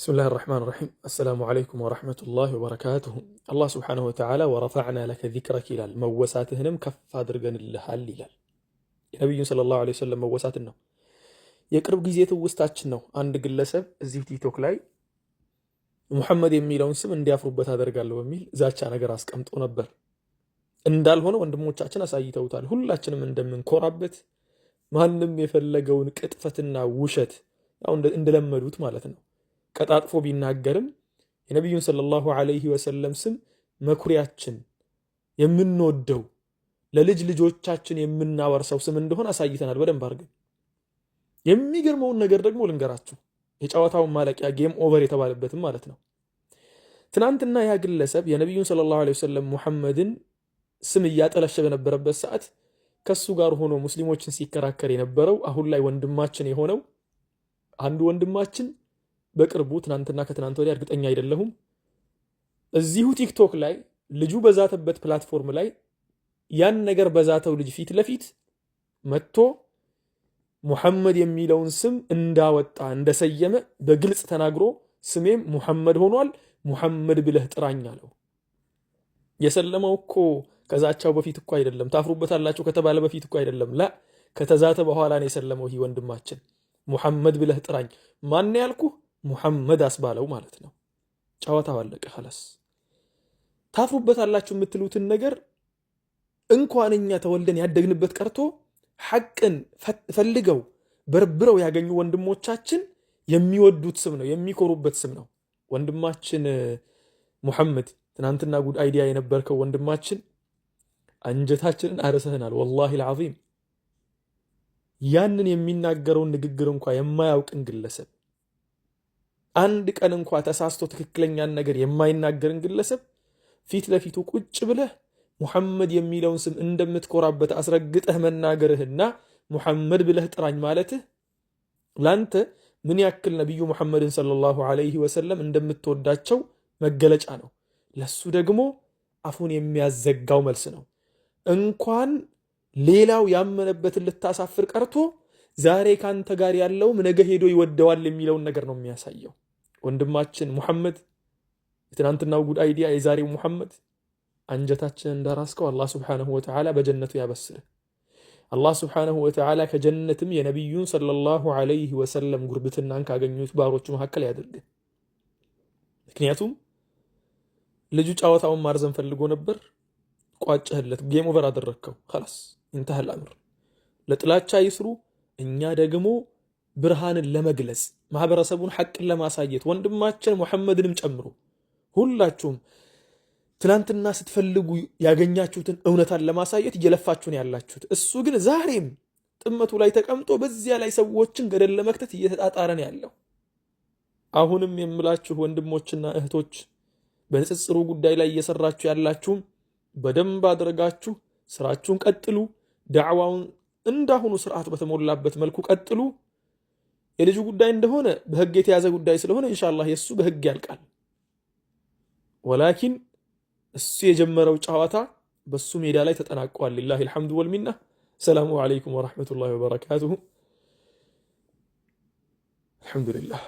ብስምላህ ራሕማን ራሒም አሰላሙ ዓለይኩም ወረሕመቱላህ ወበረካቱሁ። አላህ ስብሓነሁ ወተዓላ ወረፈዕና ለከ ዚክረክ ይላል። መወሳትህንም ከፍ አድርገንልሃል ይላል። የነቢዩን ሰለላሁ ዓለይሂ ወሰለም መወሳትን ነው። የቅርብ ጊዜ ትውስታችን ነው። አንድ ግለሰብ እዚህ ቲክቶክ ላይ ሙሐመድ የሚለውን ስም እንዲያፍሩበት አደርጋለሁ በሚል ዛቻ ነገር አስቀምጦ ነበር። እንዳልሆነ ወንድሞቻችን አሳይተውታል። ሁላችንም እንደምንኮራበት ማንም የፈለገውን ቅጥፈትና ውሸት እንደለመዱት ማለት ነው ቀጣጥፎ ቢናገርም የነቢዩን ሰለላሁ ዐለይሂ ወሰለም ስም መኩሪያችን የምንወደው ለልጅ ልጆቻችን የምናወርሰው ስም እንደሆነ አሳይተናል በደንብ አድርገን። የሚገርመውን ነገር ደግሞ ልንገራችሁ፣ የጨዋታውን ማለቂያ ጌም ኦቨር የተባለበትም ማለት ነው። ትናንትና ያ ግለሰብ የነቢዩን ሰለላሁ ዐለይሂ ወሰለም ሙሐመድን ስም እያጠለሸ በነበረበት ሰዓት ከሱ ጋር ሆኖ ሙስሊሞችን ሲከራከር የነበረው አሁን ላይ ወንድማችን የሆነው አንዱ ወንድማችን በቅርቡ ትናንትና ከትናንት ወዲያ እርግጠኛ አይደለሁም። እዚሁ ቲክቶክ ላይ ልጁ በዛተበት ፕላትፎርም ላይ ያን ነገር በዛተው ልጅ ፊት ለፊት መጥቶ ሙሐመድ የሚለውን ስም እንዳወጣ እንደሰየመ በግልጽ ተናግሮ ስሜም ሙሐመድ ሆኗል፣ ሙሐመድ ብለህ ጥራኝ አለው። የሰለመው እኮ ከዛቻው በፊት እኮ አይደለም፣ ታፍሩበታላችሁ ከተባለ በፊት እኮ አይደለም። ላ ከተዛተ በኋላ ነው የሰለመው። ይህ ወንድማችን ሙሐመድ ብለህ ጥራኝ ማን ያልኩህ ሙሐመድ አስባለው ማለት ነው። ጨዋታው አለቀ። ከለስ ታፍሩበታላችሁ የምትሉትን ነገር እንኳን እኛ ተወልደን ያደግንበት ቀርቶ ሐቅን ፈልገው በርብረው ያገኙ ወንድሞቻችን የሚወዱት ስም ነው፣ የሚኮሩበት ስም ነው። ወንድማችን ሙሐመድ ትናንትና ጉድ አይዲያ የነበርከው ወንድማችን አንጀታችንን አርሰህናል። ወላሂ ልዓዚም ያንን የሚናገረውን ንግግር እንኳ የማያውቅን ግለሰብ አንድ ቀን እንኳ ተሳስቶ ትክክለኛን ነገር የማይናገርን ግለሰብ ፊት ለፊቱ ቁጭ ብለህ ሙሐመድ የሚለውን ስም እንደምትኮራበት አስረግጠህ መናገርህና ሙሐመድ ብለህ ጥራኝ ማለትህ ላንተ ምን ያክል ነቢዩ ሙሐመድን ሰለላሁ ዐለይሂ ወሰለም እንደምትወዳቸው መገለጫ ነው። ለሱ ደግሞ አፉን የሚያዘጋው መልስ ነው። እንኳን ሌላው ያመነበትን ልታሳፍር ቀርቶ ዛሬ ካንተ ጋር ያለውም ነገ ሄዶ ይወደዋል የሚለውን ነገር ነው የሚያሳየው። ወንድማችን ሙሐመድ የትናንትናው ጉድ አይዲያ የዛሬው ሙሐመድ አንጀታችን እንዳራስከው አላህ ስብሓነሁ ወተዓላ በጀነቱ ያበስር። አላህ ስብሓነሁ ወተዓላ ከጀነትም የነቢዩን ሰለላሁ ዐለይሂ ወሰለም ጉርብትናን ካገኙት ባሮቹ መካከል ያደርገን። ምክንያቱም ልጁ ጨዋታውን ማርዘን ፈልጎ ነበር፣ ቋጨህለት፣ ጌም ኦቨር አደረግከው። ኸላስ ኢንተሃል አምር። ለጥላቻ ይስሩ፣ እኛ ደግሞ ብርሃንን ለመግለጽ ማህበረሰቡን ሐቅን ለማሳየት ወንድማችን ሙሐመድንም ጨምሮ ሁላችሁም ትናንትና ስትፈልጉ ያገኛችሁትን እውነታን ለማሳየት እየለፋችሁን ያላችሁት፣ እሱ ግን ዛሬም ጥመቱ ላይ ተቀምጦ በዚያ ላይ ሰዎችን ገደል ለመክተት እየተጣጣረን ያለው። አሁንም የምላችሁ ወንድሞችና እህቶች በንጽጽሩ ጉዳይ ላይ እየሰራችሁ ያላችሁም በደንብ አድርጋችሁ ስራችሁን ቀጥሉ። ዳዕዋውን እንዳሁኑ ስርዓት በተሞላበት መልኩ ቀጥሉ። የልጁ ጉዳይ እንደሆነ በህግ የተያዘ ጉዳይ ስለሆነ ኢንሻላህ የእሱ በህግ ያልቃል። ወላኪን እሱ የጀመረው ጨዋታ በሱ ሜዳ ላይ ተጠናቋል። ሊላሂ ልሐምዱ ወልሚና። ሰላሙ አለይኩም ወረሕመቱላሂ ወበረካቱሁ። አልሐምዱሊላህ